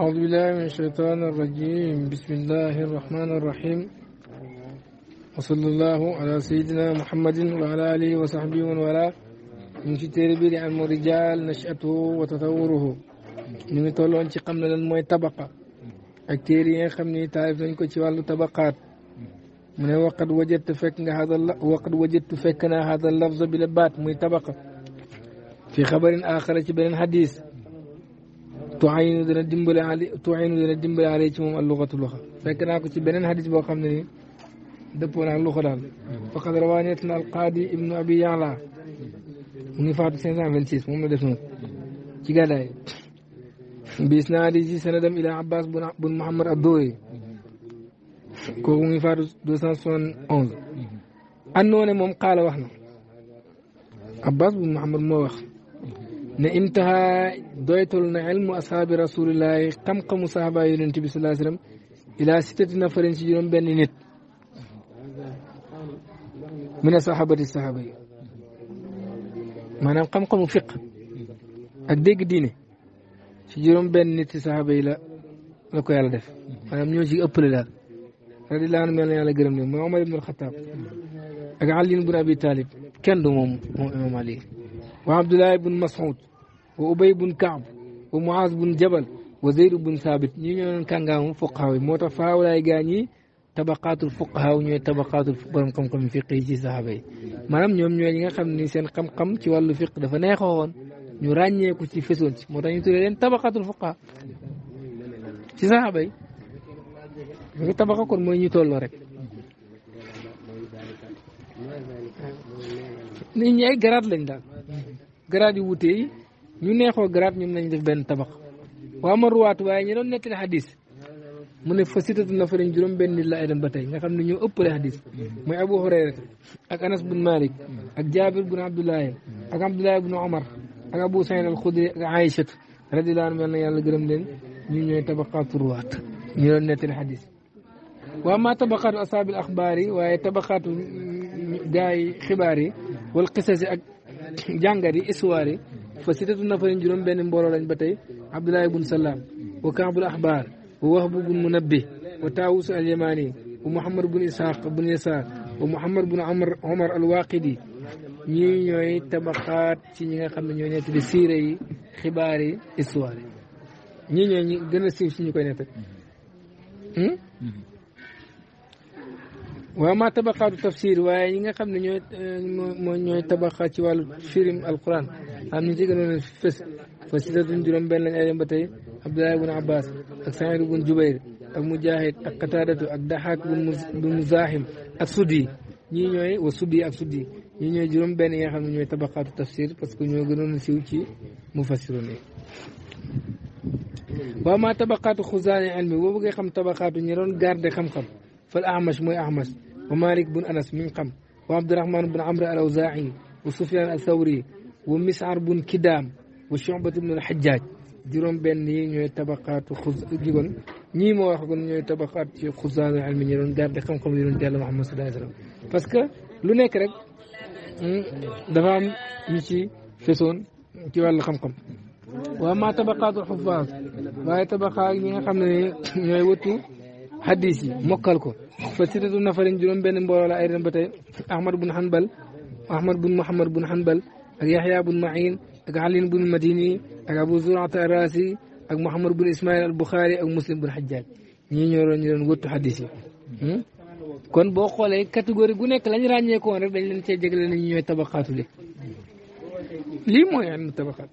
أعوذ بالله من الشيطان الرجيم بسم الله الرحمن الرحيم وصلى الله على سيدنا محمد وعلى آله وصحبه من ولا من تربير عن رجال نشأته وتطوره من طول أنت قمنا للموية طبقة أكتيري خمني تعرف أنك تشوال طبقات من وقد وجدت فكنا هذا وقد وجدت فكنا هذا اللفظ بلبات موية طبقة في خبر آخر بين حديث تعين دون الدمبل علي تعين دون الدمبل علي تشوم اللغة اللغة فكنا كنت بنن حديث بوخمني دبونا اللغة دال فقد روانيتنا القاضي ابن أبي يعلى ونفاد سنة من سيس مهم دفنو تقالي بيسنا علي جي سندم إلى عباس بن, بن محمد الدوي كوني فارس دوسان سون أونز أنوني مم قال وحنا عباس بن محمد مو وخ نانتها دويت العلم أصحاب رسول الله كم كم صحابة يرنتي بس الله سلم إلى ستة نفر يجون بنينت من صحابة الصحابة ما نام كم كم فقه أديك دينه يجون بنينت صحابة إلى لكو يالله دف أنا من يوجي أبل لا رضي الله عنه يالله يالله قرمني ما عمر بن الخطاب أقعلين بن أبي طالب كان دوم مؤمن علي وعبد الله بن مسعود wa ubay bun kaab wa muaz bun jabal wa zeydu bun saabit ñi ñoo doon kàngaamu fuqahaa yi moo tax faawlaay gaa ñi tabaqaatul fuqahaa ñooy tabaqaatul borom xam-xam fiq yi ci saxaaba yi maanaam ñoom ñooy ñi nga xam ni seen xam-xam ci wàllu fiq dafa neexoon ñu ràññeeku ci fesoon ci moo tax ñu tuddee leen tabaqaatul fuqahaa ci saxaaba yi kon mooy ñu tolloo rek nit ay garaat lañ daal garaat yu wute ñu neexoo garab ñoom nañ def benn tabax waa ma ruwaat waaye ñu doon nettali xadis mu ne fa sitatu nafarin juróom benn nit la ay dem ba tey nga xam ne ñoo ëppale xadis mooy abu hurayra ak anas bun malik ak jabir bun abdoulaye ak abdoulaye bun omar ak abu saïd al khudri ak aïchatu radiallahu anhu na yàlla gërëm leen ñu ñooy tabaqaatu ruwaat ñu doon nettali xadis waa ma tabaqaatu asaabil axbaar yi waaye tabaqaatu gaay xibaar yi wal qisas yi ak jàngat yi histoire yi fa sittatu nafarin juróom benn mbooloo lañ ba tey abdullah ibn salaam wa kaabul ahbar wa wahbu bun munabbi wa taawus al yamani wa muhammad bun ishaq bun yasaar wa muhammad bun amr omar al waaqidi ñii ñooy tabaxaat ci ñi nga xam ne ñooy nett di siire yi xibaar yi histoire yi ñii ñooy ñi gën a siiw si ñu koy nett waaw maa tabaxaatu tafsir waaye ñi nga xam ne ñooy ñooy tabaxaat ci wàllu firim alquran am ñu ci gënoon a fës fa sitatun juróom benn lañ ay ba tey Abdullah ibn Abbas ak Saïd ibn Jubayr ak Mujahid ak Qatadatu ak Dahak bu Muzahim ak Suddi ñii ñooy wa Suddi ak Suddi ñii ñooy juróom benn yi nga xam ne ñooy tabaqaatu tafsir parce que ñoo gënoon a siiw ci mufassiroon yi waaw maa tabaqaatu xusaani ilmi boo bëggee xam tabaqaatu ñi doon garde xam-xam fal ahmash mooy ahmash wa malik bun anas mi ngi xam wa abdurahman bun amr al awzaa'i wa sufyan al thawri ومسعر بن كدام وشعبة بن الحجاج جيروم بن ني نيو تبقات خز جيبون ني مو نيو تبقات خزان العلم ني دار خم خم ني رون دال محمد صلى الله عليه وسلم باسكو لو نيك رك دا فام ني سي فيسون خم خم وما تبقات الحفاظ ما تبقى ني خم نيو وتو حديثي مكال كو فسيرتو نفرين جيروم بن ايرن باتاي احمد بن حنبل احمد بن محمد بن حنبل ak yaxya bun mahin ak alin bun madini ak abu zurata arasi ak muhammad bun ismail al bukhari ak muslim bun hajjaj ñii ñoo doon ñu doon wëttu hadis yi kon boo xoolee catégorie gu nekk lañ ràññeeku woon rek dañ leen cee jégle nañu ñooy tabaxaatu de lii mooy ilmu tabaxaat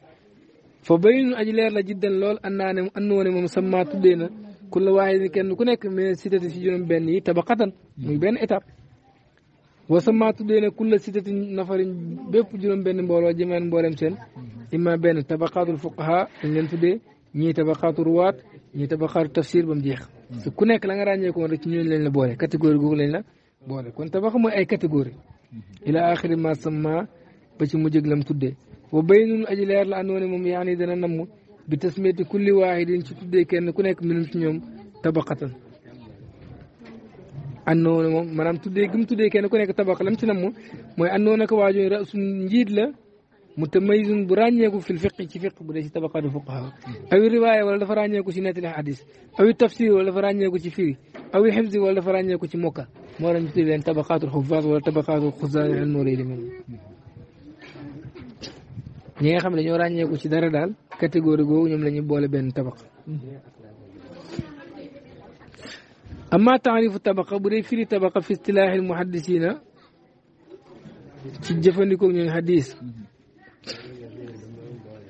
fa bayinu aji leer la jiddan lool an naa ne an noo ne moom sammaa tuddee na ku la waaye ni kenn ku nekk mais sitati si juróom benn yi tabaxatan muy benn étape wasama tuddee ne kulla sitati nafarin bépp juróom-benn mbooloo jëmeen mboolem seen imma benn tabaqaatul fuqaha dañ leen tuddee ñii tabaqaatu ruwaat ñii tabaqaatu tafsir ba mu jeex. Hmm. su ku nekk la nga ràññeekoon rek ci ñooñu lañ la boole catégorie googu lañ la boole kon tabax mooy ay catégorie hmm. ila axiri ma sama ba ci mujj la mu tuddee wa baynun aji leer la àndoon moom yaani dana namm bi tasmiyati kulli waahidin ci tuddee kenn ku nekk minum ci ñoom tabaqatan àndoon na moom maanaam tuddee gi mu tuddee kenn ku nekk tabax lam ci nam mooy àndoon na ko waa jooju njiit la mu tamayizun bu ràññeeku fil fiq ci fiq bu dee ci tabaqaatu fuqaha awi riwaaya wala dafa ràññeeku ci nettali hadis awi tafsir wala dafa ràññeeku ci firi awi xibsi wala dafa ràññeeku ci mokka moo tax len tuddee leen tabaqaatul xufaas wala tabaqaatul xuzaar al moo lay demee ñi nga xam ne dañoo ràññeeku ci dara daal catégorie googu ñoom la ñu boole benn tabax amma taarifu tabaqa bu dee firi tabaxa fi istilaahi muhaddisiina ci jëfandikoo ñooñu xadis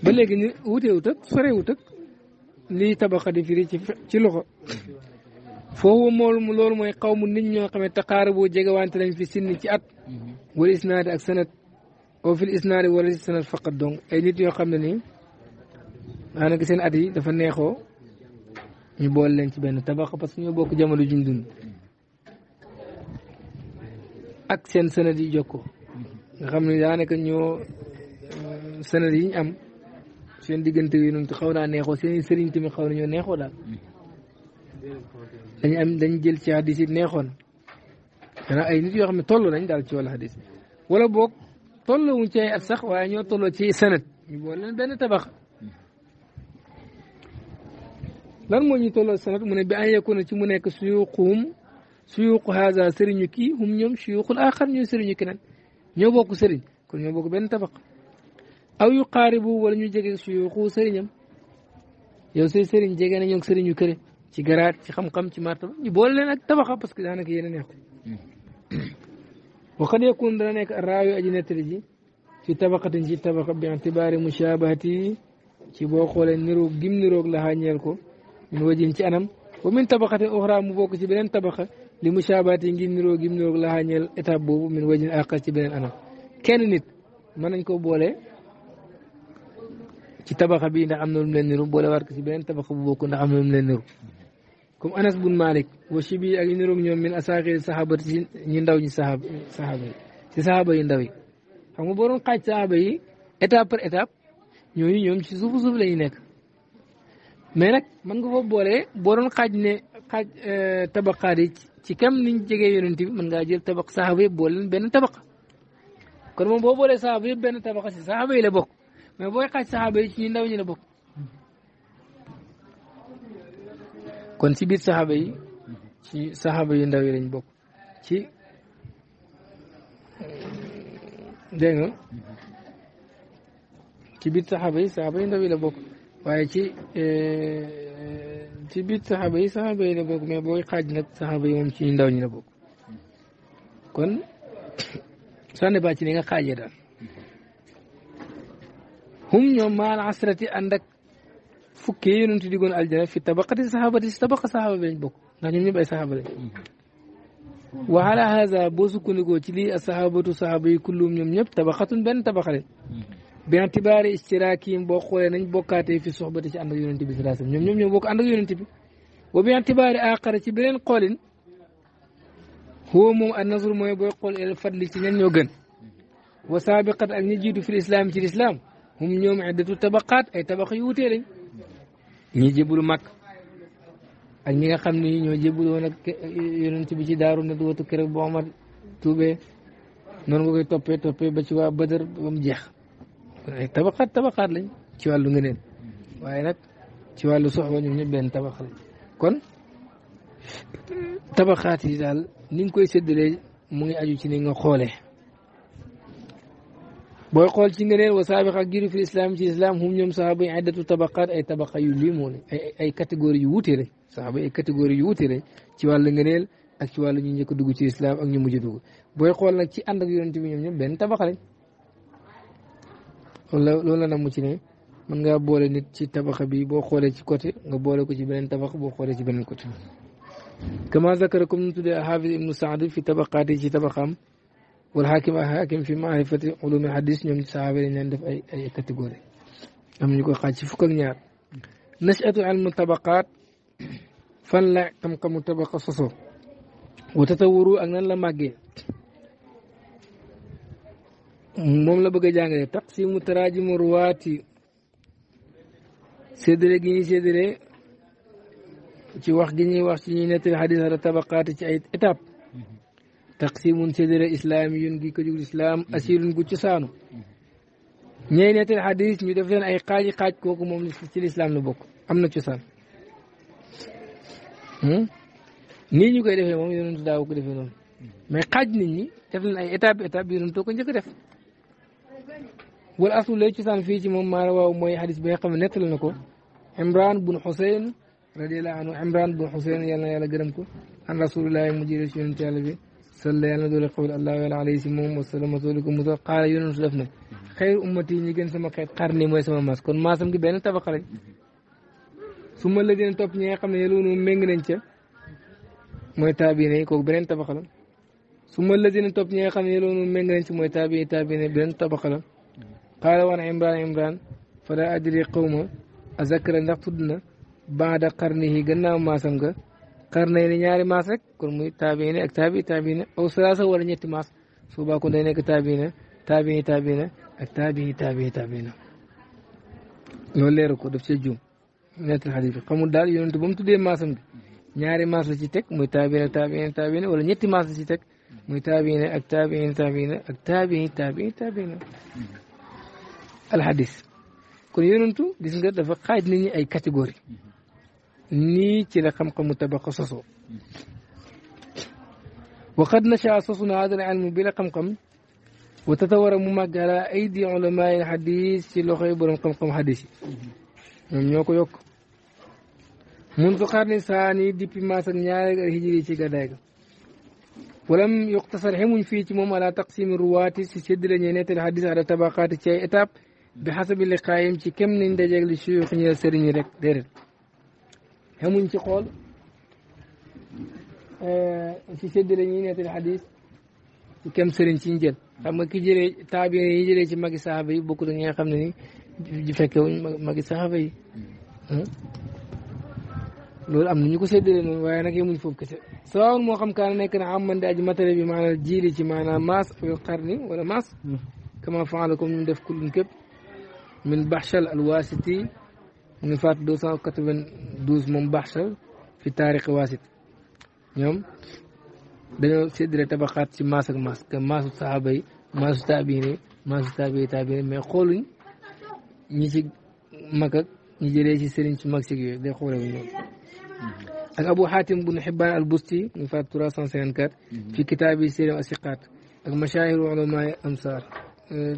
ba léegi ni wuteewut ak sorewut ak lii tabaqa di firi ci ci loxo foofu moom loolu mooy xaw mu nit ñoo xam ne taqaaraboo jegewante lañ fi sinni ci at wala isnaadi ak sanat oo fil isnaadi wala sanat faqat donc ay nit yoo xam ne nii maanaam seen at yi dafa neexoo ñu boole leen ci benn tabax parce que ñoo bokk jamono juñ dund ak seen sanad yi jokkoo nga xam ne daanaka ñoo sanad yi ñu am seen diggante yi nu xaw naa neexoo seen sëriñ tamit xaw nañoo neexoo daal dañ am dañ jël ci hadis yi neexoon xanaa ay nit yoo xam ne toll nañ daal ci wala hadis wala boog tollowuñ ci ay at sax waaye ñoo tolloo ci sanad ñu boole leen benn tabax lan mooy ñu tolloo sanat mune bi an yakuna ci mu nekk suyuquhum suyuqu haza sëriñu kii hum ñoom suyuqul axar ñooy sëriñu keneen ñoo bokk sëriñ kon ñoo bokk benn tabaq aw yu xaaribu wala ñu jege suyuqu sëriñam yow say sëriñ jege na ñoom sëriñu këre ci garaat ci xam-xam ci martaba ñu boole tabaxa parce que daanaka yéen a neexu waxad yakun dana nekk raayu aji nettali ji ci tabaqatin ci tabaqa bi itibaari mushaabahati ci boo xoolee niroog gim niroog laxaa ko min wajin ci anam wa min tabaxate oxra mu bokk ci beneen tabaxa li mu saabaate ngir niroo gim niroog laxaa ñeel étape boobu min wajin àqas ci beneen anam kenn nit mën nañ ko boole ci tabaxa bi ndax am na lu leen niru boole waat ci beneen tabaxa bu bokk ndax am na lu mu leen niru comme anas bun malik wa ci bi ak yu niroog ñoom min a saxaabati ci ñi ndaw ñi saxaab saxaaba yi ci saxaaba yu ndaw yi xam nga boo doon xaaj saxaaba yi étape par ñooyu ñooñu ñoom ci suufu suuf la ñu nekk mais nag mën nga koo boole boo doon xaaj ne xaaj euh, tabaqaat yi ci kam niñ jege yonent bi mën ngaa jël tabaq saxaaba yëpp boole benn tabaq kon moom boo boole saxaaba yëpp benn tabaqa si saxaaba yi la bokk mais booy xaaj saxaaba yi ci ñu ndaw ñi la bokk kon ci biir saxaaba yi ci saxaaba yu ndaw yi lañ bokk ci dégg nga ci biir saxaaba yi saxaaba yu ndaw yi la bokk waaye ci e, ci biir saxaaba yi saxaaba yi la bokk mais booy xaaj nag saxaaba yi moom ci ndaw ñi la bokk kon sane ne ci ni nga xaajee daal hum ñoom maal asrati ànd ak fukki yonent diggoon aljana fi tabaqati saxaabati si tabaqa saxaaba bi lañ bokk ndax ñoom ñëpp ay saxaaba lañ haza boo sukkandikoo ci lii as saxaabatu saxaaba yi kullum ñoom ñëpp tabaqatun benn tabaqa بيان تباري استراكيم بوخوي نين بوكاتي في صحبتي اند يونتي بي سلاس نيوم نيوم نيوم بوك اند يونتي بي وبيان تباري اخر سي بنين قولين هو موم النظر موي بو قول الى الفضل سي نين نيو غن وسابقت اك ني في الاسلام في الاسلام هم نيوم عده طبقات اي طبقه يوتي لين ني جيبلو مك اك ميغا خامني نيو جيبلو نا يونتي بي سي دارو ندوتو كرك بو عمر توبه نون غوي توبي توبي با سي وا بدر بام جيخ kon ay tabaxaat tabaxaat lañ ci wàllu ngëneel waaye nag ci wàllu soxla ñoom ñëpp benn tabax lañ kon tabaxaat yi daal ni nga koy séddalee mu ngi aju ci ni nga xoolee booy xool ci ngëneel wa saabiq ak jiru fi islam ci islam hum ñoom saxaaba yi iddatu tabaqaat ay tabaqa yu lii moo ne ay ay catégorie yu wuute lañ saxaaba yi ay catégorie yu wut lañ ci wàllu ngëneel ak ci wàllu ñu njëkk dugg ci islam ak ñu mujj dugg booy xool nag ci ànd ak yonent bi ñoom ñëpp benn tabax lañ la loolu la namu ci ne boole nit ci tabaxa bi boo xoolee ci côté nga boole ko ci beneen tabax boo xoolee ci beneen côté kama zakara comme nu tuddee xaafis ibnu saadi fi tabaqaat yi ci tabaxam wal xaakim ak xaakim fi maarifati ulumi xadis ñoom ci saxaaba yi leen def ay ay catégorie am ñu ko xaaj ci fukk ak ñaar tabaqaat fan la xam-xamu tabaqa soso wa tatawuru ak nan la màggee moom la bëgg a jàngale taqsimu taraajimu ruwaati séddale gi ñuy séddale ci wax gi ñuy wax ci ñuy nettali xadis ala tabaqaati ci ay étape taqsimun séddale gi ko jug islam asirun gu cosaanu ñooy nettali xadis ñu def leen ay xaaji xaaj kooku moom ci lislaam la bokk am na cosaan hmm? nii ñu koy defee moom yonentu daaw ko defee noonu mais xaaj ni ñi def leen ay étape étape yonentu ko njëkk def wal aslu lay cosaan fii ci moom maa rawaaw mooy xadis bi nga xam ne nettali na ko imran bun xuseyn radiallahu anhu imran bun xuseyn yàlla na yàlla gërëm ko an rasulillahi mu jëlee ci yonente yàlla bi salla yàlla na doole xawal allah yàlla alayhi si moom wasalama sooli ko musa xaala yonentu def ne xayr ummati ñi gën sama xeet xarni mooy sama maas kon maasam gi benn tabaqa lañ su ma la dina topp ñi nga xam ne yelunu méng nañ ca mooy taabiine yi kooku beneen tabaqa la su ma la dina topp ñi nga xam ne yelunu méng nañ ca mooy taabiine taabiine beneen tabaqa la qaala wana imran imran fala adri xawma azakara ndax tudd na baada qarnihi gannaaw maasam nga qarnay ni ñaari maas rek kon muy taabiine ak taabi taabiine aw salaasa wala ñetti maas su baa kon day nekk taabiine taabiine taabiine ak taabiine taabiine taabiine loolu leeru ko daf cee juum nettal xadis bi xamul daal yonent ba mu tuddee maasam gi ñaari maas la ci teg muy taabiine ak taabiine taabiine wala ñetti maas la ci teg muy taabiine ak taabiine taabiine ak taabiine taabiine taabiine alxadis kon yonentu gis nga dafa xaaj nit ñi ay catégorie nii ci la xam-xamu tabaqa sosoo waqad nasha sosuna hadal ilmu bi la xam-xam wa tatawara mu màgg ala aydi ulama yi xadis ci loxoy borom xam-xam xadis yi ñoom ñoo ko yokk mun ko xaar ni saani dippi maas ak ñaareel ak hijri ci gàddaay ga walam yuqtasar xemuñ fii ci moom ala taqsimi ruwaati si séddale ñee nettali xadis ala tabaqaati ci ay étape بحسب اللي قائم شي كم نندجك لشيوخ نيا سرين رك دير همون شي قول آه، في سيد لنينة الحديث شي كم سرين شنجل أما كي جيري تابعين يجيري شي مكي صحابي بوكو دنيا خمني جي مكي صحابي لول أم نيكو سيد لنينة وانا كي من فوق كسر سواء موقم كان نيكن عمان داج مطلع بمعنى جيري شي معنى ماس ويقرني ولا ماس كما فعلكم من دف كل مكب من بحشل الواسطي من فات 292 من بحشل في تاريخ واسط يوم نعم. دنو سيدري طبقات سي ماسك ماسك ماس صحابي ماس تابعين ماس تابعي تابعين مي خولو ني سي مكا ني جيري في سيرين سي ماكسي دي خولو ني اك ابو حاتم بن حبان البستي من فات 354 في كتابي سيرم الثقات اك علماء امصار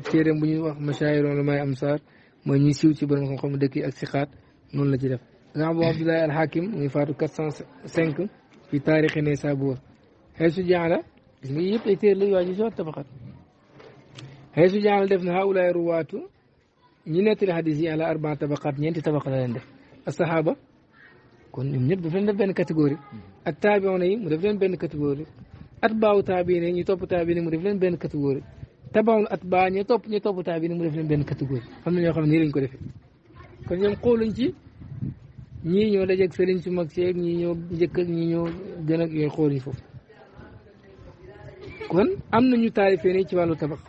téeréem bu ñuy wax masaayir ulamaay amsaar mooy ñuy siiw ci borom xam-xam dëkk yi ak sixaat noonu la ci def nga Abu Abdullahi al-Hakim muy faatu quatre cent cinq fi taarixi ne saabuwa xeesu jaala gis nga yëpp ay téer la waaye ñu si wax tabaxat xeesu jaala def na haulaay ruwaatu ñi nettali xadis yi ala arbaa tabaqaat ñeenti tabaqa la leen def asaxaaba kon ñoom ñëpp daf leen def benn catégorie ak taabiona yi mu def leen benn catégorie at baaw taabiina yi ñu topp taabiina yi mu def leen benn catégorie tabaxul at ba ñi topp ñi topp taa bi ni mu def leen benn catégorie am na ñoo xam ni nii ko defee kon ñoom xooluñ ci ñii ñoo dajeeg sëriñ su mag seeg ñii ñoo njëkk ak ñii ñoo gën ak xool xooluñ foofu kon am na ñu taalifee nii ci wàllu tabax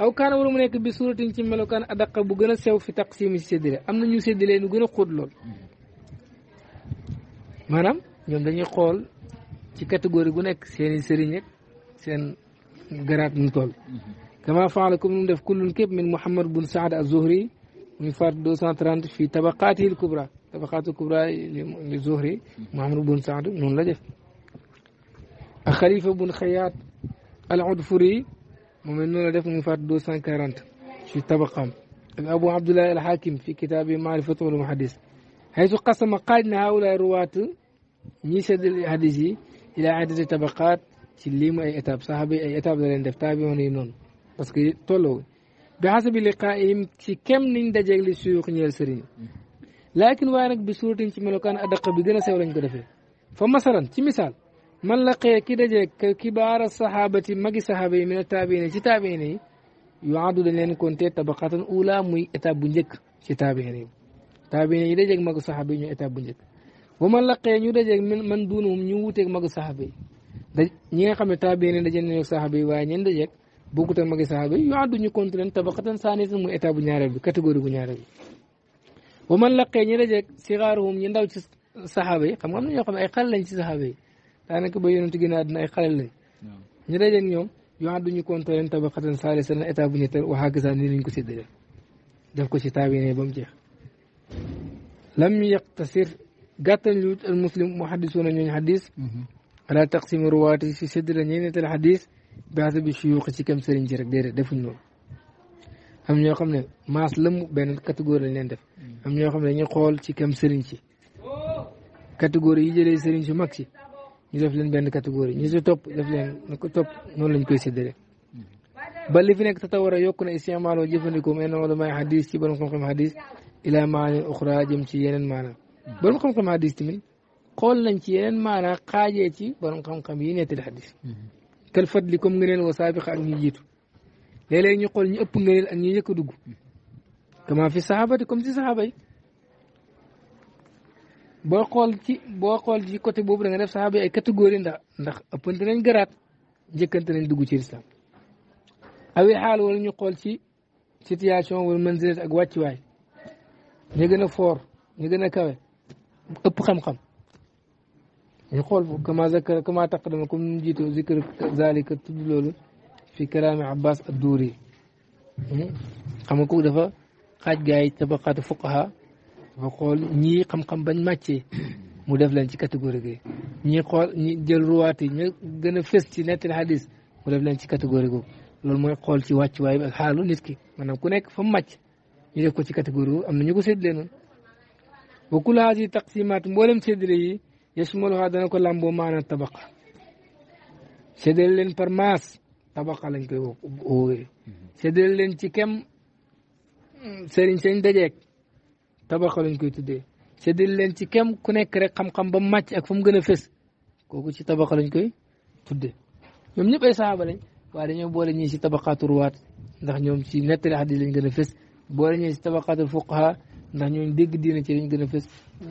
aw kaana wala mu nekk bi suuratin ci melokaan adaqa bu gën a sew fi taqsiimi si séddale am na ñu séddalee nu gën a xóot lool maanaam ñoom dañuy xool ci catégorie gu nekk seeni i sëriñ ak seen garaat mu toll كما فعل كم كل كب من محمد بن سعد الزهري من فرد 230 في طبقاته الكبرى طبقاته الكبرى للزهري محمد بن سعد نون لدف الخليفة بن خياط العدفري ومن نون ديف من فرد 240 في طبقة أبو عبد الله الحاكم في كتابه معرفة المحدث حيث قسم قائدنا هؤلاء الرواة نيسد الحديث إلى عدة طبقات تليم أي أتاب صحابي أي أتاب لين دفتابي ونينون parce que tolloo bi xasabi liqaayim ci kem niñ dajeeg li suyuux ñeel sëriñ laakin waaye nag bi suuratin ci melokaan adaq bi gën a sew lañ ko defee fa masalan ci misaal man la xëye ki dajeeg kibaara saxaabati magi saxaaba yi mina taabiina ci taabiina yi yu àddu dañ leen compter muy étape bu njëkk ci taabiina yi taabiina yi magu saxaaba ñu étape bu njëkk man la xëye ñu dajeeg man duunum ñu wuuteeg mag saxaaba yi ñi nga xam ne taabiina yi daje nañu saxaaba yi waaye ñeen dajeeg bokkut ak magi saxaaba yi yu àddu ñu compte leen tabaqatan saaniyatan muy état bu ñaareel bi catégorie bu ñaareel bi ba man laqee ñu dajeeg sigaaruhum ñu ndaw ci saxaaba yi xam nga am na ñoo xam ne ay xale lañ ci saxaaba yi daanaka ba yonent gën a àddina ay xale lañ ñu dajeeg ñoom yu àddu ñu compte leen tabaqatan saalisatan état bu ñetteel wa hakaza nii lañ ko séddale def ko ci taabine ba mu jeex lam yaqtasir gàttal ñu al muslim muhaddisuuna ñooñu xadis ala taqsimi ruwaati si séddale ñeeneetal xadis baasa bi suyuuq ci kam sëriñ ci rek déedéet defuñ loolu am ñoo xam ne maas lëmm benn catégorie lañ leen def am yoo xam ne dañuy xool ci kam sëriñ ci catégorie yi jëlee sëriñ su mag si ñu def leen benn catégorie ñu si topp def leen na ko topp noonu lañ koy séddale ba li fi nekk tatawara yokk na istimaaloo jëfandikoo mel na damay xadis ci borom xam-xam xadis ilaa maani uxra jëm ci yeneen maanaam borom xam-xam ti tamit xool nañ ci yeneen maanaa xaajee ci borom xam-xam yi nettali xadis kal fadli comme ngëneel wa saabiqa ak ñi jiitu léeg-léeg ñu xool ñu ëpp ngëneel ak ñi yëkk a dugg kama fi sahabati comme si sahaba yi boo xool ci boo xool ci côté boobu da nga def sahaba yi ay catégorie ndax ndax ëppante nañ garaat njëkkante nañ dugg ci lislam awi xaal wala ñu xool ci situation wala manzilat ak wàccuwaay ñu gën a foor ñu gën a kawe ëpp xam-xam ñu xool foofu kama zakara kama taqadama comme ni mu jiitoo zikr zalika tudd loolu fi kalaami abbas adduuri hmm? xam nga kooku dafa xaaj gaay tabaqaatu fuqaha dafa xool ñii xam-xam bañ màccee mu def leen ci catégorie bi ñii xool ñi jël ruwaat yi ñu gën a fës ci nettali xadis mu ci catégorie loolu mooy xool ci wàccuwaay bi ak xaalu nit ki maanaam ku nekk fa mu màcc ñu def ko ci catégorie boobu am na ñu ko séddalee noonu wa kullu haadihi taqsimaat mboolem séddale yi yasmuluha dana ko làmboo maanaam tabaqa séddale leen par maas tabaqa lañ koy wóowee mhm. séddale leen ci kem sëriñ sëñ dajeeg tabaqa lañ koy tuddee séddale leen ci kem ku nekk rek xam-xam ba màcc ak fu mu gën a fës kooku ci tabaqa lañ koy tuddee ñoom ñëpp ay saxaaba lañ waaye dañoo boole ñii si tabaqaatu ruwaat ndax ñoom ci nettali xadis lañ gën a fës boole ñii si tabaqaatul fuqaha ndax ñooñu dégg diine ci lañ gën a fës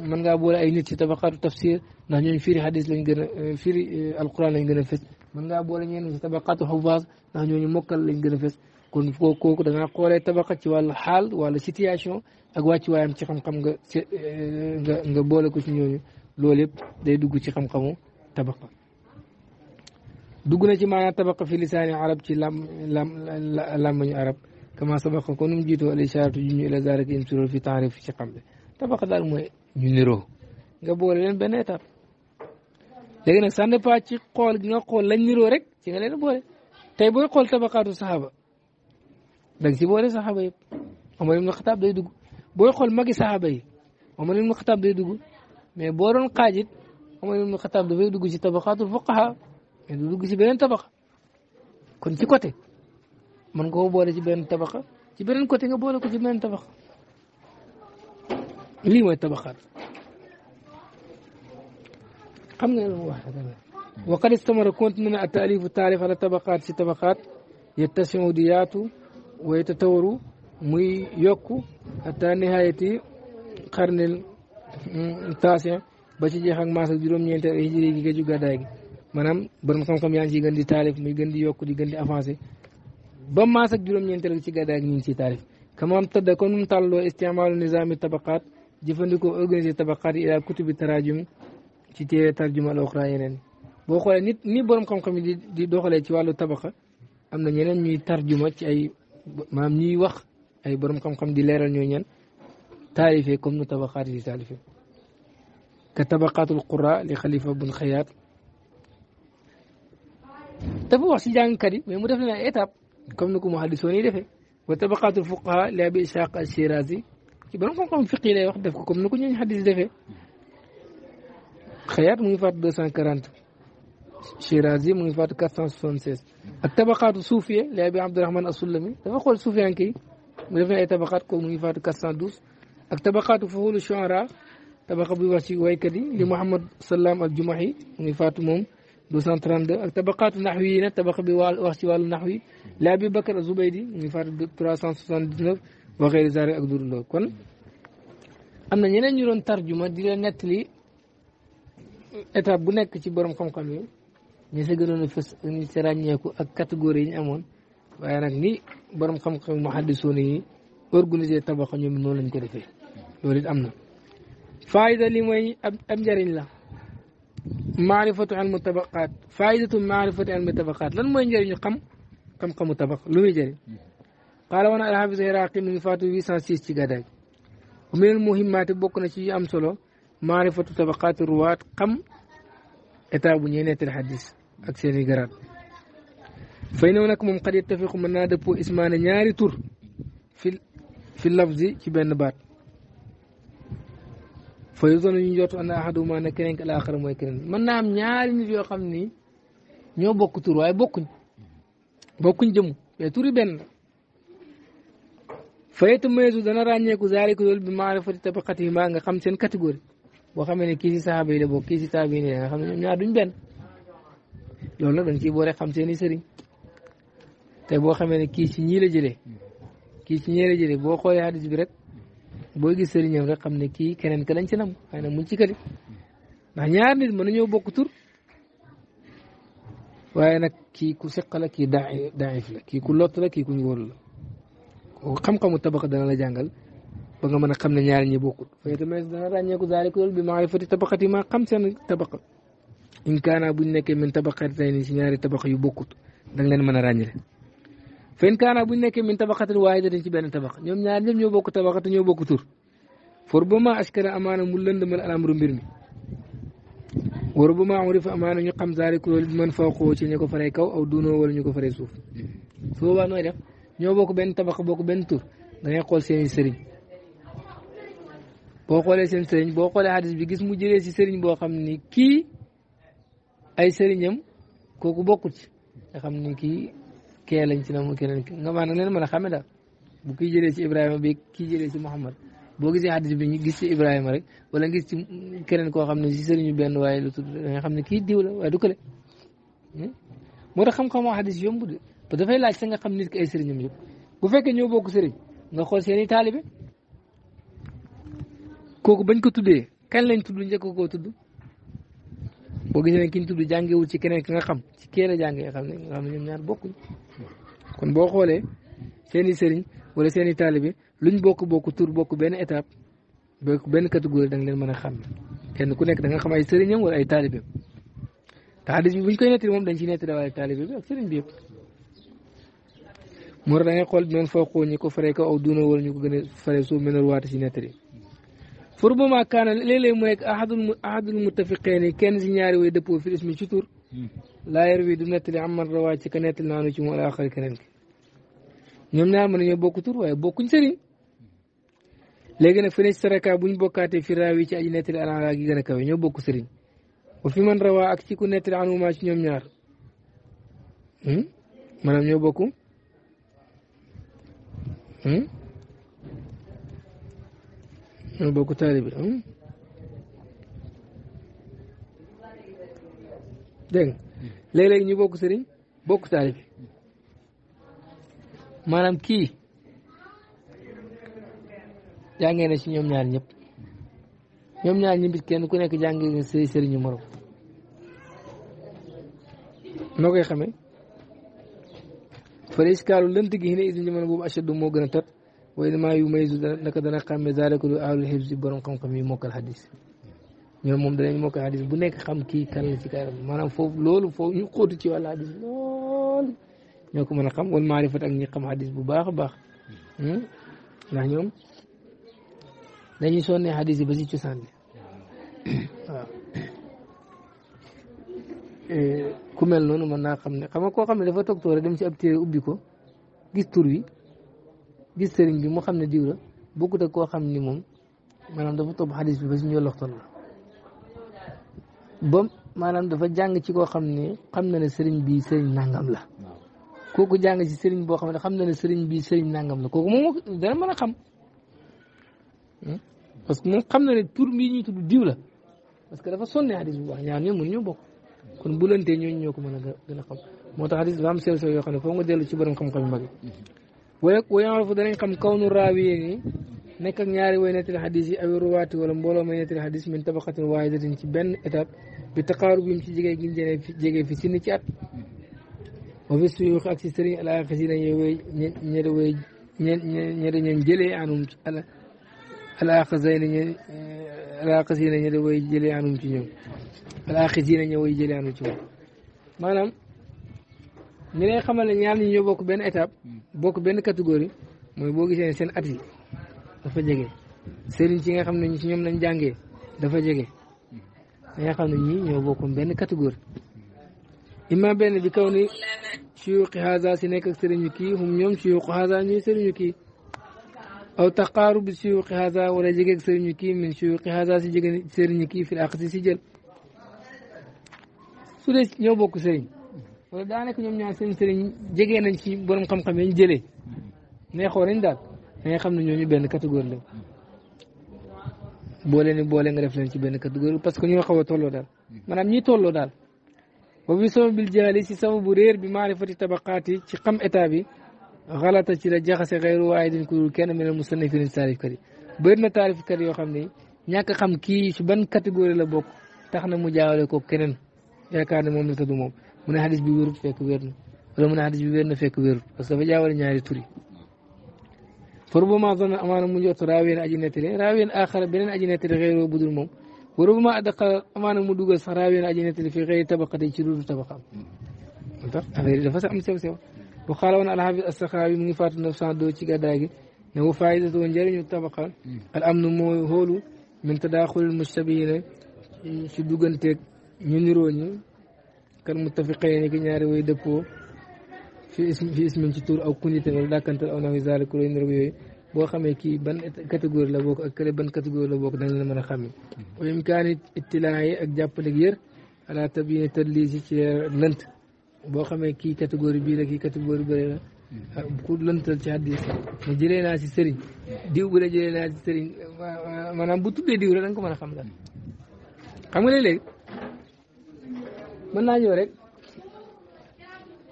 mën ngaa boole ay nit ci tabaxaatu tafsir ndax ñooñu firi xadis lañ gën a firi alquran lañ gën a fës mën ngaa boole ñeen ci tabaxaatu xufaas ndax ñooñu mokkal lañ gën a fës kon kooku kooku da ngaa xoolee tabaqa ci wàllu xaal wala situation ak wàccuwaayam ci xam-xam nga nga nga boole ko ci ñooñu loolu yëpp day dugg ci xam-xamu tabaqa dugg na ci maanaam tabaqa fi lisaani arab ci lam lam làmmañu arab kama sabaqa ko nu mu jiitoo al isharatu ju ñu ila zalika imsiro fi taarif ci xam bi tabaqa daal mooy ñu niroo nga boole leen benn étape léegi nag ça n'est pas ci xool gi nga xool lañ niroo rek ci nga leen boole tey booy xool tabaqaatu saxaaba da nga si boole saxaaba yëpp Omar ibn Xataab day dugg booy xool magi saxaaba yi Omar ibn Xataab day dugg mais boo doon xaajit Omar ibn Xataab dafay dugg ci tabaqaatul fuqaha mais du dugg si beneen tabaqa kon si côté. mën nga ko boole ci benn tabaxa ci beneen côté nga boole ko ci beneen tabax lii mooy tabaxaat xam nga lu wax wa qad istamara continue na at-taalifu taalif ala tabaxaat si tabaxaat yattasimu di yaatu wa yatatawaru muy yokku hatta nihaayati xarnil mm, taasin ba ci jeex ak maas ak juróom-ñeenteel hijri gi géeju gàddaay gi maanaam borom xam-xam yaa ngi gën di taalif muy gën di yokku di gën di avancé ba maas ak juróom-ñeenteel ci gàddaay ak ñu ci taarif kama am tëdda kon mu tàlloo istimaalu nizaami tabaqaat jëfandikoo organisé tabaqaat yi ilaa kutubi tarajum ci téere tarjuma al oxra yeneen boo xoolee nit ni borom xam-xam yi di doxalee ci wàllu tabaqa am na ñeneen ñuy tarjuma ci ay maam ñuy wax ay borom xam-xam di leeral ñoo ñeen taalifee comme nu tabaqaat yi taalifee ka tabaqaatul qura li xalifa bun xayaat dafa wax si jàngkat yi mais mu def leen ay étape كم نكون محدثوني دفع وطبقات الفقهاء لابي إساق السيرازي كبيرون كم كم فقه لأي وقت كم نكون ينحدث يعني حديث دفع خيار من فات 240 شيرازي من فات 476 الطبقات الصوفية لابي عبد الرحمن السلمي تفقه الصوفي عنكي مدفن أي طبقات كم من فات دوس الطبقات فهول الشعراء تبقى بيواسي ويكدي لمحمد سلام الجمعي من فات مهم 232 ak tabaqaatu naxwi yi nag tabaqa bi wàll wax ci wàllu naxwi mm-hmm. la bi Bakar Zubaydi ñu fàttali ba 379 waxee Rizare ak Doudou kon am na ñeneen ñu doon tarjuma di la nettali étape bu nekk ci borom xam-xam yi ñu si gënoon a ràññeeku ak catégorie yi ñu amoon waaye nag ni borom xam-xam muhaddisoon yi organisé tabaqa ñoom noonu lañ ko defee loolu it am na. faayda li mooy ab njëriñ la. معرفة علم فائدة معرفة علم الطبقات لن مجرد قم كم قم طبق لن مجرد قال وانا الحافظ هراقي من فاتو ويسان سيس تغادي ومن المهمات بوكنا شيء أمسلو معرفة طبقات الرواة قم اتابو نينة الحديث أكسير غرات فإن هناك يتفق من هذا اسمان نياري تور في في اللفظ كي fa yuzannu ñu jot ana ahaduhuma ne keneen ki alaaxar mooy keneen mën naa am ñaari nit yoo xam ni ñoo bokk tur waaye bokkuñ bokkuñ jëmu mais tur yi benn la fayet maysu dana ràññeeku zaaliku loolu bi maarifati tabaqati maa nga xam seen catégorie boo xamee ne kii si saxaaba yi la bokk kii si yi nga xam ne ñoom ñaar benn loolu nag dañ ciy boole xam seen i sëriñ te boo xamee ne kii si ñii la jëlee kii si ñii la boo xoolee hadis bi rek. boo gis sëriñam rek xam ne kii keneen ka lañ ci nam waaye nag muñ ci kële ndax ñaar nit mën nañoo bokk tur waaye nag kii ku seq la kii daa daif la kii ku lott la ku ñu wóor la kooku xam-xamu tabax dana la jàngal ba nga mën a xam ne ñaar ñi bokkut fay tamit dana ràññeeku zaalik loolu bi maarifati tabaxat yi maa xam seen tabax in kaana buñ nekkee min tabaxatayni si ñaari tabax yu bokkut danga leen mën a ràññale fen kaana bu ñu nekkee min tabaqatin waahidatin ci benn tabax ñoom ñaar ñëpp ñoo bokk tabax te ñoo bokk tur for ba ma askara amaana mu lëndëmal alamru mbir mi war ba ma urifa amaana ñu xam zaari kuréel bi man fawqoo ci ñu ko faree kaw aw duunoo wala ñu ko faree suuf su boobaa nooy def ñoo bokk benn tabax bokk benn tur da ngay xool seen i sëriñ boo xoolee seen sëriñ boo xoolee bi gis mu jëlee si sëriñ boo xam ni kii ay sëriñam kooku bokkut ci nga xam ni kii kee lañ ci namm keneen nga maanaam leen mën a xame daal bu kii jëlee ci Ibrahima bi kii jëlee ci Muhammad boo gisee hadis bi ñu gis ci Ibrahima rek wala gis ci keneen koo xam ne si sëriñu benn waaye lu tudd da nga xam ne kii diw la waaye du kële hmm? moo tax xam-xamu hadis yomb de ba dafay laaj sa nga xam ni ki ay sëriñam yëpp bu fekkee ñoo bokk sëriñ nga xool seeni taalibe kooku bañ ko tuddee kañ lañ tudd njëkk koo tudd boo gisee ne ki ñu tudd jàngewul ci keneen ki nga xam ci kee la jàngee xam ne nga xam ne ñoom ñaar bokkuñ kon boo xoolee seeni i sëriñ wala seeni i taalibe luñ bokk bokk tur bokk benn étape bokk benn catégorie da leen mën a xam kenn ku nekk da xam ay sëriñam wala ay taalibeem te hadis bi buñ koy nettali moom dañ ciy nettali waaye taalibe bi ak sëriñ da ngay xool noonu ñi ko faree ko aw wala ñu ko gën a faree suuf mel ne waate ci nettali furubama kaana léeg-léeg mu nekk ahadul ahadul muttafiqeen yi kenn si ñaari way dëppoo fi ismi ci tur hmm. laa yer wi du nettali amal rawaa ci ka nettali naanu ci mu ala axari keneen ki ñoom ñaar mën bokk tur waaye bokkuñ sëriñ nag fële si saraka bokkaatee fi raawi ci aji nettali alaala gi ñoo bokk sëriñ wa fi man rawaa ak ci ku nettali anuma ci ñoom ñaar hmm? maanaam ñoo bokk hmm? ñoo bokk taalibe hmm? dégg ñu bokk sëriñ bokk taalibe maanaam kii jàngee na ci ñoom ñaar ñëpp ñoom ñaar ñibbit kenn ku nekk jàngee na say sëriñu morom noo koy xamee fële iskaalu gi xi ne idi boobu achadu moo gën a tat waaye damaa yu may naka dana xàmme zaalika lu ahlul hifzi borom xam-xam yi mokkal xadis ñoom moom danañ mokkal xadis bu nekk xam kii kan ci kanam maanaam foofu loolu foofu ñu xóotu ci wàllu xadis lool ñoo ko mën a xam ma maarifat ak ñi xam xadis bu baax a baax hmm? ndax ñoom dañuy sonnee xadis yi ba ci cosaan bi waaw eh, noonu mën naa xam ne xam nga koo xam ne dafa toog toore dem ci ab téere ubbi ko gis tur wi. gis sëriñ bi mu xam ne diw la bokkut ak koo xam ni moom maanaam dafa topp xadis bi ba si njolloxtoon la ba maanaam dafa jàng ci koo xam ni xam na ne sëriñ bi sëriñ nangam la kooku jàng ci sëriñ boo xam ne xam na ne sëriñ bi sëriñ nangam la kooku moom dana mën a xam hmm? parce que moom xam na ne tur bii ñuy tudd diw la parce que dafa sonne xadis bu baax ñaar ñoo mën ñoo bokk kon bu lantee ñooñu ñoo ko mën a gën a xam moo tax xadis dafa am sew sew yoo xam ne foo nga dellu ci borom xam yu mag wala wala fa danañ xam kaw nu raawi yi nekk ak ñaari way nettali xadis yi awi ruwaati wala mbooloo may nettali xadis min tabaqatin waahidatin ci benn étape bi taqaarub yim ci jege gin jëne jege fi sinni ci at wa fi suyuux ak si sëriñ alaxisi na yowey ñede woy ñede ñeen jëlee anum ci alaxisay na ñe alaxisi na ñede woy jëlee anum ci ñoom alaxisi na ñe woy jëlee anum ci moom ñu lay xamal ne ñaar ñi ñoo bokk benn étape bokk benn catégorie mooy boo gisee seen at yi dafa jege sëriñ ci nga xam ne ñi ci ñoom lañ jàngee dafa jege da nga xam ne ñii ñoo bokk benn catégorie imma benn bi kaw ni suyuqi haza si nekk ak sëriñu kii hum ñoom suyuqi haza ñuy sëriñu ki aw taqaaru bi suyuqi haza wala jege ak sëriñu kii min suyuqi haza si jege sëriñu kii fi àq si si jël su dee ñoo bokk sëriñ wala daanaka ñoom ñaar seen sëriñ jege nañ ci borom xam-xam yi ñu jëlee neexoo daal da nga xam ne ñooñu benn catégorie la boole ni boole nga def leen ci benn catégorie parce que ñoo xaw a tolloo daal maanaam ñi tolloo daal. wa bi sababil jaali si sababu réer bi maarifati tabaqaat yi ci xam état bi xalata ci la jaxase xayru waaye dañ ko dul kenn mel musannifiin taarifkat yi bëri na taarifkat yoo xam ne ñàkk xam kii ci ban catégorie la bokk tax na mu jaawale ko keneen yaakaar ne moom la te du من ne بيور فيك wérut ولا من na wala mu ne بس bi wér na fekk wérut parce que dafa jaawale ñaari فربما ظن أمانة من جوت راوين أجنة نتري راوين آخر بين أجنة نتري غير بدر مم وربما أدق أمان من دوغا راوين أجي نتري في غير تبقى طبقة تبقى طبقة غير لفس أمس سو سو وقال على هذا السخاوي من فات نفسان دو تشيغا داغي نو فائدة ونجرين الطبقة الأمن مو هولو من تداخل المشتبهين في دوغنتك ñu niroo ñu kal muttafiqayni ki ñaari way dëppoo fi ism fi ismin ci tur aw kundi wala dàkkantal aw nawi zalik looy niroog yooyu boo xamee kii ban catégorie la bokk ak kële ban catégorie la bokk dana la mën a xàmme wa imkaani ittilaa yi ak jàppaleg yër ala tabiini tadlis yi ci lant boo xamee kii catégorie bii la kii catégorie bëri la ah, ku lëntal ci hadis ne jëlee naa si sëriñ diw bu la jëlee naa si sëriñ maanaam bu tuddee diw rek da ko mën a xam la mën naa ñëw rek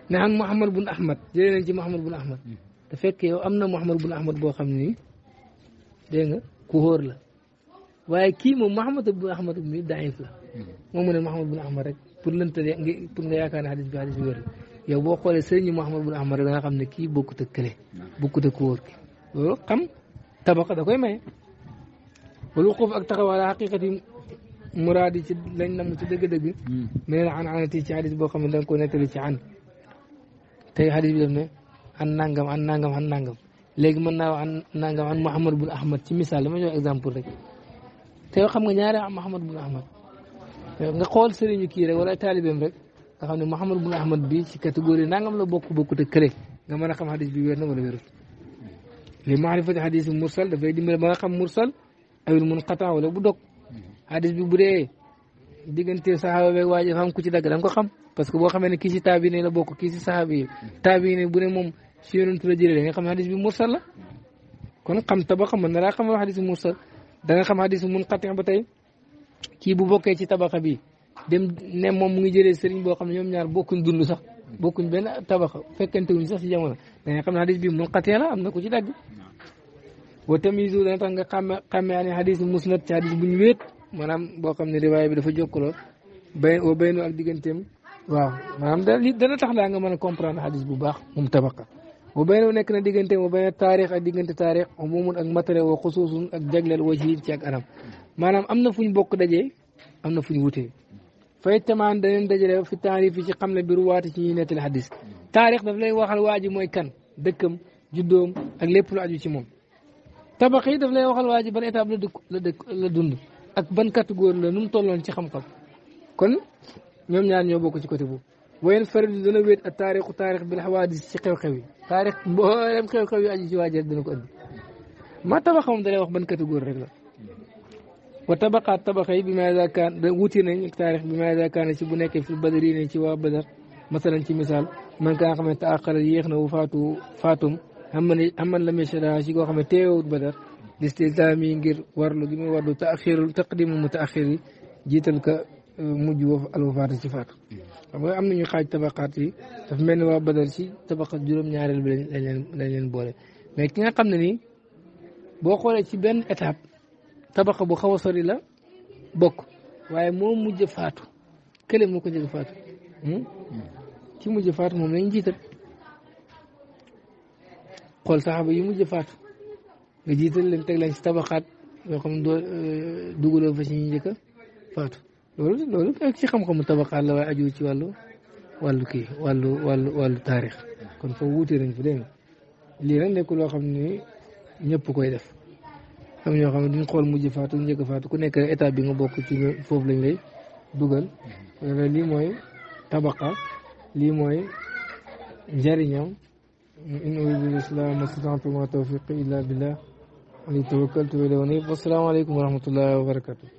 ne am Mouhamad bun Ahmad jëlee nañ ci Mouhamad bun Ahmad te fekk yow am na Mouhamad bun Ahmad boo xam ni dégg nga ku hóor la waaye kii moom Mouhamad bun Ahmad mi daif la moom mu ne Mouhamad bun Ahmad rek pour lëntale pour nga yaakaar ne xadis bi xadis bi wér yow boo xoolee sëriñu Mouhamad bun Ahmad rek da nga xam ne kii bokkut ak kële bokkut ak ku hóor ki loolu xam tabaqa da koy maye wala xuuf ak taxaw ala xaqiqati muraad yi ci lañ namm ci dëgg-dëgg. mais hmm. an anati ci hadis boo xam ne ko nettali ci an tey hadis bi def ne an nangam an nangam an nangam léegi mën naa wax an nangam an Muhammad bun Ahmad ci misaal dama jox exemple rek te yoo xam nga ñaari am Muhammad bun Ahmad nga xool sëriñu kii rek wala taalibeem rek nga xam ne Muhammad bun Ahmad bi ci catégorie nangam la bokk bokkut ak kële nga mën a xam hadis bi wér na wala wérul li maarifati hadis mursal dafay dimbale ba nga xam mursal ayul munqata wala bu dog hadis bi bu dee diggante saxaaba beeg waa ji dafa am ku ci dagg da nga ko xam parce que boo xamee ne kii si taabi ne la bokk kii si saxaaba yi taabi ne bu ne moom si yonentu la jëlee da nga xam hadis bi mursal la kon xam tabaxa mën na laa xamal hadis mursal da nga xam hadis munqati ba tey kii bu bokkee ci tabaxa bi dem ne moom mu ngi jëlee sëriñ boo xam ne ñoom ñaar bokkuñ dund sax bokkuñ benn tabaxa fekkente wuñ sax si jamono da nga xam ne hadis bi munqati la am na ku ci dagg wa tamizu dana tax nga xàmme xàmme ani hadis musnad ci hadis buñ wéet manam boo xam riwaya bi dafa jokkolo bay wa baynu ak digantem waaw manam da li dana tax la nga meuna comprendre hadith bu bax mum tabaqa wa baynu nek na digganteem wa bayna tarikh ak diggante tarikh umumun ak matale wa xusuusun ak jagleel wa jiin ci ak anam manam amna fuñ bok dajé amna fuñ wuté fay taman da len dajé fi tarikh fi ci xam bi ruwaati ci ñuy nettali hadith tarikh daf lay waxal waji moy kan dëkkam juddom ak lépp lu aju ci mom tabaqi yi daf lay waxal waji ban étape la dëkk la dund ak ban catégorie la nu mu tolloon ci xam-xam kon ñoom ñaar ñoo bokk ci côté boobu wayen farid dana wéet ak taarixu taarix bil xawaadis ci xew-xew yi taarix mboolem xew-xew yi aju ci waajal dana ko andi ma tabaxam dalay wax ban catégorie rek la wa tabaqaat tabaxa yi bi ma ida kaan wuti nañ taarix bi ma ida kaan ci bu nekkee fi badar yi ne ci waa badar masalan ci misaal man ka nga xam ne taaqara yéex na wu faatu faatum xam man xam man la mechéda ci koo xam ne teewut badar الاستلزام ينجر ورلو جمي ورلو تأخير تقديم المتأخري جيت لك مجوا الوفاد الشفاق أما أمن يخاج تبقاتي تفمين وابدل شي تبقى جرم نهار لين بولي لكن أقام نني بوخوا لأتي بان أتاب تبقى بوخوا صري لا بوك waye mo mujj faatu kele mo ko jëg faatu hmm ci mujj faatu mom lañ jital xol sahaba yi mujj faatu nga jiital leen teg la ci tabaxaat yoo xam doo euh, dugaloo fa ci ñu njëkk a faatu loolu loolu ak ci xam-xamu tabaxaat la waaye aju ci wàllu wàllu kii wàllu wàllu wàllu taarix kon foofu wuute nañ fa dégg nga lii nag nekk loo xam ni ñëpp koy def am ñoo xam ne duñ xool mujj faatu njëkk faatu ku nekk état bi nga bokku ci foofu lañ lay dugal wala lii mooy tabaqa lii mooy njariñam in uridu l islaam mastata'tu ma tawfiqi illa billah Ali तवक्कल तो